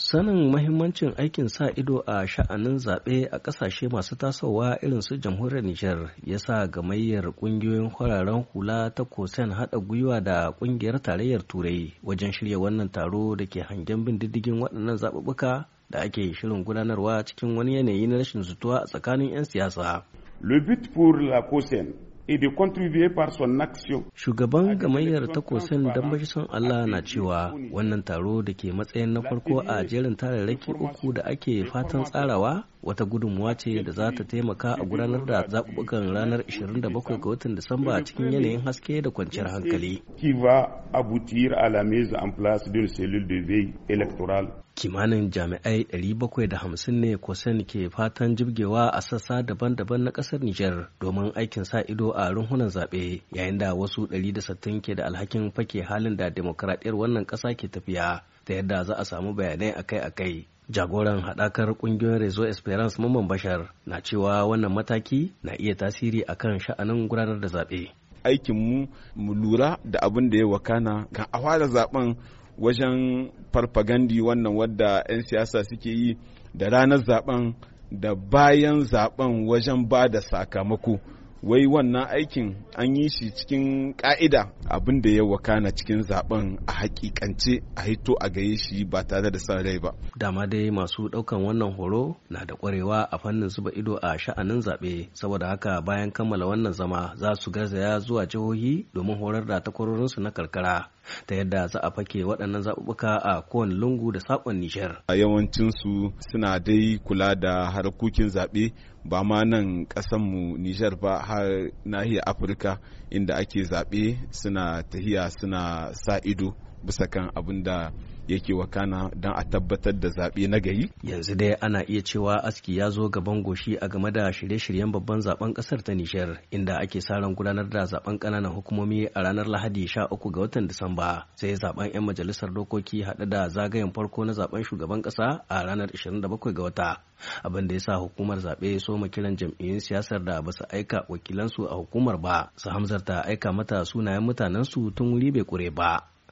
Sanin mahimmancin aikin sa ido a sha'anin zaɓe a ƙasashe masu tasowa irin su jamhuriyar Nijar ya sa gamayyar ƙungiyoyin kwararen hula ta Kosen haɗa gwiwa da ƙungiyar tarayyar Turai wajen shirya wannan taro da ke hangen bin diddigin waɗannan zaɓuɓɓuka da ake shirin gudanarwa cikin wani yanayi na rashin zutuwa a tsakanin 'yan siyasa. Le but pour la COSEN et de contribuer par son action. Shugaban gamayyar takwasan don bashisan Allah na cewa wannan taro da ke matsayin na farko a jerin tararraki uku da ake fatan tsarawa wata gudunmuwa ce da za ta taimaka a gudanar da zaɓuɓɓukan ranar 27 ga watan Disamba a cikin yanayin haske da kwanciyar hankali. Kimanin jami'ai 750 ne kusan ke fatan jibgewa a sassa daban-daban na ƙasar Nijar domin aikin sa ido a runhunan zaɓe yayin da wasu 160 ke da alhakin fake halin da demokradiyyar wannan ƙasa ke tafiya ta yadda za a samu bayanai akai-akai. jagoran haɗakar ƙungiyoyin rezo esperance mamman bashar na cewa wannan mataki na iya tasiri a kan sha'anin gudanar da zaɓe aikinmu mu lura da abin da ya wakana kan a fara zaben wajen farfagandi wannan wadda 'yan siyasa suke yi da ranar zaɓen da bayan zaɓen wajen ba da sakamako wai wannan aikin an yi shi cikin ka'ida abin da ya wakana cikin zaben a hakikance a hito a gaye shi ba tare da sa rai ba dama dai masu daukan wannan horo na da kwarewa a fannin zuba ido a sha'anin zaɓe saboda haka bayan kammala wannan zama za su garzaya zuwa jihohi domin horar da takwarorin su na karkara ta yadda za a fake waɗannan zaɓuɓɓuka a kowane lungu da saƙon Nijar. A yawancinsu suna dai kula da harkokin zaɓe ba ma nan ƙasanmu Nijar ba har nahiyar afirka inda ake zaɓe suna tahiya suna sa ido bisa kan abin da yake wakana don a tabbatar da zaɓe na gari. Yanzu dai ana iya cewa aski ya zo gaban goshi a game da shirye-shiryen babban zaben ƙasar ta Nijar inda ake sa gudanar da zaben ƙananan hukumomi a ranar Lahadi 13 ga watan Disamba sai zaben 'yan majalisar dokoki haɗe da zagayen farko na zaben shugaban ƙasa a ranar 27 ga wata. Abin da ya sa hukumar zaɓe soma kiran jam'iyyun siyasar da ba su aika wakilansu a hukumar ba su hamzarta aika mata sunayen mutanensu tun wuri bai kure ba.